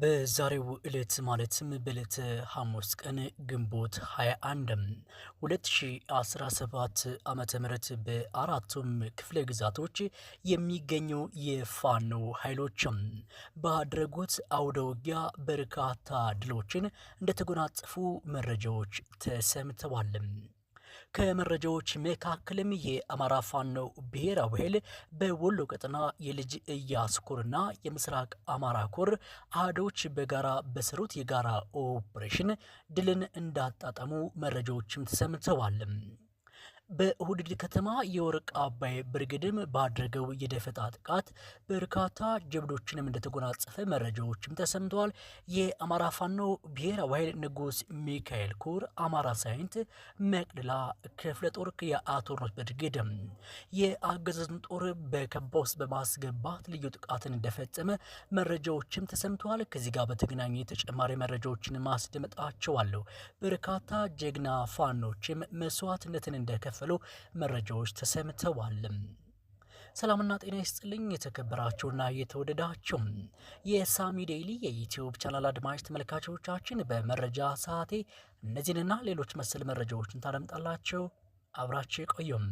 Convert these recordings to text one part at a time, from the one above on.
በዛሬው ዕለት ማለትም በዕለተ ሐሙስ ቀን ግንቦት 21 2017 ዓመተ ምህረት በአራቱም ክፍለ ግዛቶች የሚገኙ የፋኖ ኃይሎችም ባደረጉት አውደ ውጊያ በርካታ ድሎችን እንደተጎናጸፉ መረጃዎች ተሰምተዋል። ከመረጃዎች መካከልም የአማራ ፋኖ ብሔራዊ ኃይል በወሎ ቀጠና የልጅ እያስኩርና ኮርና የምስራቅ አማራ ኮር አህዶች በጋራ በሰሩት የጋራ ኦፕሬሽን ድልን እንዳጣጠሙ መረጃዎችም ተሰምተዋል። በሁድድ ከተማ የወርቅ አባይ ብርግድም ባደረገው የደፈጣ ጥቃት በርካታ ጀብዶችንም እንደተጎናጸፈ መረጃዎችም ተሰምተዋል። የአማራ ፋኖ ብሔራዊ ኃይል ንጉስ ሚካኤል ኩር አማራ ሳይንት መቅደላ ክፍለ ጦር የአቶርኖት ብርግድም የአገዛዙን ጦር በከባ ውስጥ በማስገባት ልዩ ጥቃትን እንደፈጸመ መረጃዎችም ተሰምተዋል። ከዚህ ጋር በተገናኘ የተጨማሪ መረጃዎችን ማስደመጣቸዋለሁ። በርካታ ጀግና ፋኖችም መስዋዕትነትን እንደከፍ እንደሚከፈሉ መረጃዎች ተሰምተዋል። ሰላምና ጤና ይስጥልኝ የተከበራችሁና የተወደዳችሁ የሳሚ ዴይሊ የዩትዩብ ቻናል አድማጭ ተመልካቾቻችን፣ በመረጃ ሰዓቴ እነዚህንና ሌሎች መሰል መረጃዎችን ታደምጣላችሁ። አብራችሁ ቆዩም።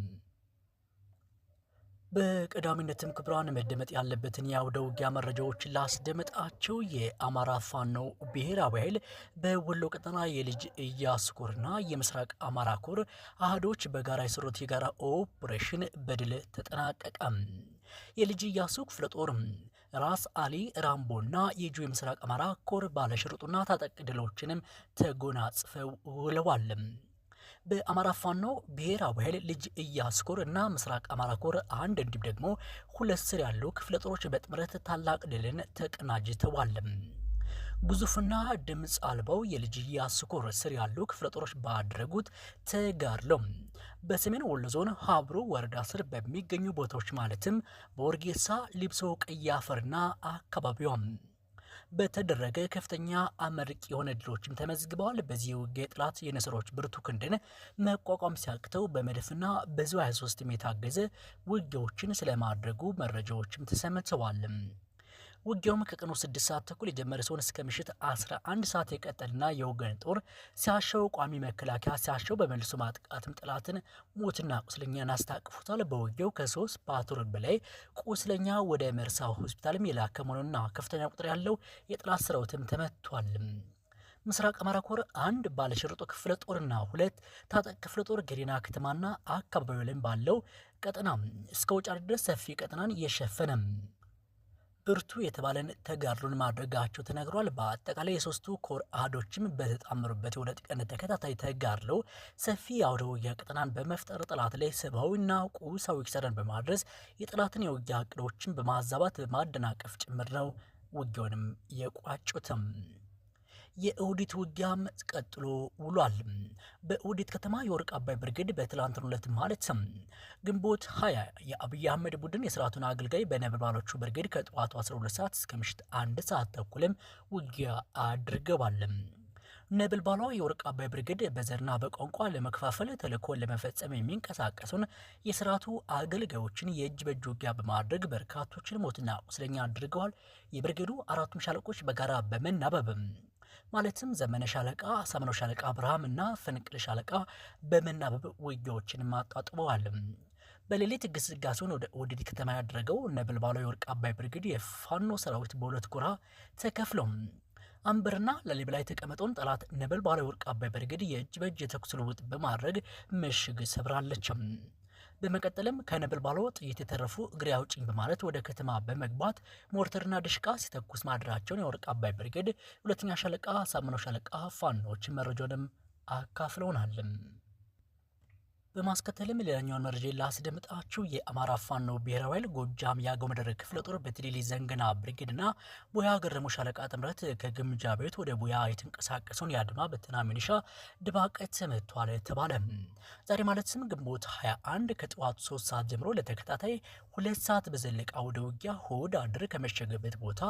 በቀዳሚነትም ክብሯን መደመጥ ያለበትን የአውደ ውጊያ መረጃዎች ላስደመጣቸው የአማራ ፋኖ ብሔራዊ ኃይል በወሎ ቀጠና የልጅ ኢያሱ ኮርና የምስራቅ አማራ ኮር አህዶች በጋራ የሰሩት የጋራ ኦፕሬሽን በድል ተጠናቀቀ። የልጅ እያሱ ክፍለ ጦር ራስ አሊ ራምቦ ራምቦና የጁ የምስራቅ አማራ ኮር ባለሽርጡና ታጠቅ ድሎችንም ተጎናጽፈው ውለዋል። በአማራ ፋኖ ብሔራዊ ኃይል ልጅ ኢያሱ ኮር እና ምስራቅ አማራ ኮር አንድ እንዲሁም ደግሞ ሁለት ስር ያሉ ክፍለ ጦሮች በጥምረት ታላቅ ድልን ተቀናጅተዋል። ግዙፍና ድምፅ አልባው የልጅ ኢያሱ ኮር ስር ያሉ ክፍለ ጦሮች ባደረጉት ተጋድሎ በሰሜን ወሎ ዞን ሀብሮ ወረዳ ስር በሚገኙ ቦታዎች ማለትም በወርጌሳ፣ ሊብሶ፣ ቀይ አፈርና በተደረገ ከፍተኛ አመርቂ የሆነ ድሎችም ተመዝግበዋል። በዚህ ውጊያ የጠላት የንስሮች ብርቱ ክንድን መቋቋም ሲያቅተው በመድፍና በዙ 23 የታገዘ ውጊያዎችን ስለማድረጉ መረጃዎችም ተሰምተዋል። ውጊያውም ከቀኑ ስድስት ሰዓት ተኩል የጀመረ ሲሆን እስከ ምሽት 11 ሰዓት የቀጠልና የወገን ጦር ሲያሻው ቋሚ መከላከያ ሲያሻው በመልሶ ማጥቃትም ጠላትን ሞትና ቁስለኛን አስታቅፉታል። በውጊያው ከሶስት ፓትሮል በላይ ቁስለኛ ወደ መርሳ ሆስፒታልም የላከ መሆኑና ከፍተኛ ቁጥር ያለው የጠላት ሰራዊትም ተመቷል። ምስራቅ አማራ ኮር አንድ ባለሽርጦ ክፍለ ጦርና ሁለት ታጠቅ ክፍለ ጦር ገዴና ከተማና አካባቢ ላይም ባለው ቀጠና እስከ ወጫ ድረስ ሰፊ ቀጠናን የሸፈነ ብርቱ የተባለን ተጋድሎን ማድረጋቸው ተነግሯል። በአጠቃላይ የሶስቱ ኮር አህዶችም በተጣመሩበት የሁለት ቀን ተከታታይ ተጋድለው ሰፊ የአውደ ውጊያ ቀጠናን በመፍጠር ጠላት ላይ ሰብአዊና ቁሳዊ ኪሳራን በማድረስ የጠላትን የውጊያ እቅዶችን በማዛባት በማደናቀፍ ጭምር ነው ውጊያውንም የቋጩትም። የኦዲት ውጊያም ቀጥሎ ውሏል። በኦዲት ከተማ የወርቅ አባይ ብርጌድ በትላንትናው ዕለት ማለትም ግንቦት ሀያ የአብይ አህመድ ቡድን የስርዓቱን አገልጋይ በነበልባሎቹ ብርጌድ ከጠዋቱ 12 ሰዓት እስከ ምሽት አንድ ሰዓት ተኩልም ውጊያ አድርገዋል። ነበልባሏ የወርቅ አባይ ብርግድ በዘርና በቋንቋ ለመከፋፈል ተልእኮን ለመፈጸም የሚንቀሳቀሱን የስርዓቱ አገልጋዮችን የእጅ በእጅ ውጊያ በማድረግ በርካቶችን ሞትና ቁስለኛ አድርገዋል። የብርግዱ አራቱም ሻለቆች በጋራ በመናበብ ማለትም ዘመነ ሻለቃ፣ አሳምነው ሻለቃ አብርሃም እና ፍንቅል ሻለቃ በመናበብ ውጊያዎችን አጣጥመዋል። በሌሊት ግስጋሴውን ወደ ከተማ ያደረገው ነበልባሉ የወርቅ አባይ ብርግድ የፋኖ ሰራዊት በሁለት ጎራ ተከፍለው አንበርና ላይ የተቀመጠውን ጠላት ነበልባሉ የወርቅ አባይ ብርግድ የእጅ በእጅ የተኩስ ልውውጥ በማድረግ ምሽግ ሰብራለችም። በመቀጠልም ከነበልባሉ ጥይት የተረፉ እግሬ አውጭኝ በማለት ወደ ከተማ በመግባት ሞርተርና ድሽቃ ሲተኩስ ማድራቸውን የወርቅ አባይ ብርጌድ ሁለተኛ ሻለቃ ሳምነው ሻለቃ ፋኖች መረጃውንም አካፍለውናል። በማስከተልም ሌላኛውን መረጃ ላስደምጣችሁ። የአማራ ፋኖ ብሔራዊ ኃይል ጎጃም የአገው ምድር ክፍለ ጦር በትሊሊ ዘንገና ብርጌድና ቦያ ገረሙ ሻለቃ ጥምረት ከግምጃ ቤት ወደ ቦያ የተንቀሳቀሰውን የአድማ በትና ሚኒሻ ድባቀት ተመቷል ተባለ። ዛሬ ማለትም ግንቦት 21 ከጠዋቱ 3 ሰዓት ጀምሮ ለተከታታይ ሁለት ሰዓት በዘለቀ አውደ ውጊያ ሆድ አድር ከመሸገበት ቦታ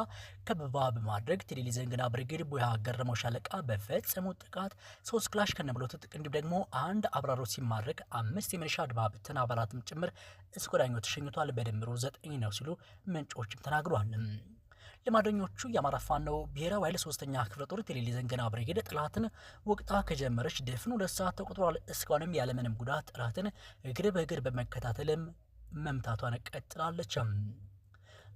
ከበባ በማድረግ ትሊሊ ዘንገና ብርጌድ ቦያ ገረሙ ሻለቃ በፈጸሙት ጥቃት ሶስት ክላሽ ከነሙሉ ትጥቅ እንዲሁም ደግሞ አንድ አብራሮ ሲማረክ አምስት የሚሊሻ አድማ ብተና አባላትም ጭምር እስከ ወዲያኛው ተሸኝቷል። በድምሩ ዘጠኝ ነው ሲሉ ምንጮችም ተናግረዋል። ልማደኞቹ የአማራ ፋኖ ብሔራዊ ኃይል ሶስተኛ ክፍለ ጦር ቴሌሊ ዘንገና ብርጌድ ጠላትን ወቅታ ከጀመረች ድፍን ሁለት ሰዓት ተቆጥሯል። እስካሁንም ያለምንም ጉዳት ጠላትን እግር በእግር በመከታተልም መምታቷን ቀጥላለች።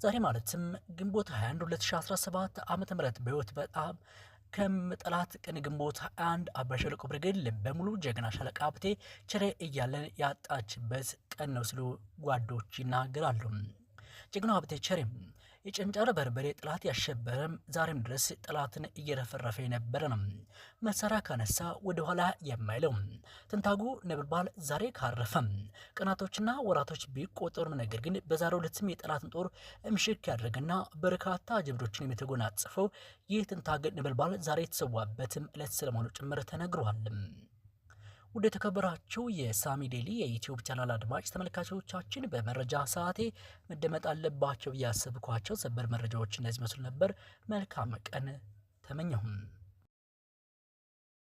ዛሬ ማለትም ግንቦት 21 2017 ዓ ም በህይወት በጣም ከምጠላት ቀን ግንቦት አንድ አባ ሸለቆ ብርጌድ በሙሉ ጀግና ሻለቃ ብቴ ቸሬ እያለን ያጣችበት ቀን ነው ሲሉ ጓዶች ይናገራሉ። ጀግና ብቴ ቸሬ። የጨንጫረ በርበሬ ጠላት ያሸበረም ዛሬም ድረስ ጠላትን እየረፈረፈ የነበረ ነው። መሳሪያ ካነሳ ወደኋላ የማይለው ትንታጉ ነብልባል ዛሬ ካረፈም ቀናቶችና ወራቶች ቢቆጠሩም ነገር ግን በዛሬው ዕለትም የጠላትን ጦር እምሽክ ያደረገና በርካታ ጀብዶችን የሚተጎናጽፈው ይህ ትንታግ ነብልባል ዛሬ የተሰዋበትም ዕለት ስለመሆኑ ጭምር ተነግሯል። ወደ ተከበራቸው የሳሚ ዴሊ የዩቲዩብ ቻናል አድማጭ ተመልካቾቻችን በመረጃ ሰዓቴ መደመጥ አለባቸው እያሰብኳቸው ሰበር መረጃዎች እነዚህ መስሉ ነበር። መልካም ቀን ተመኘሁም።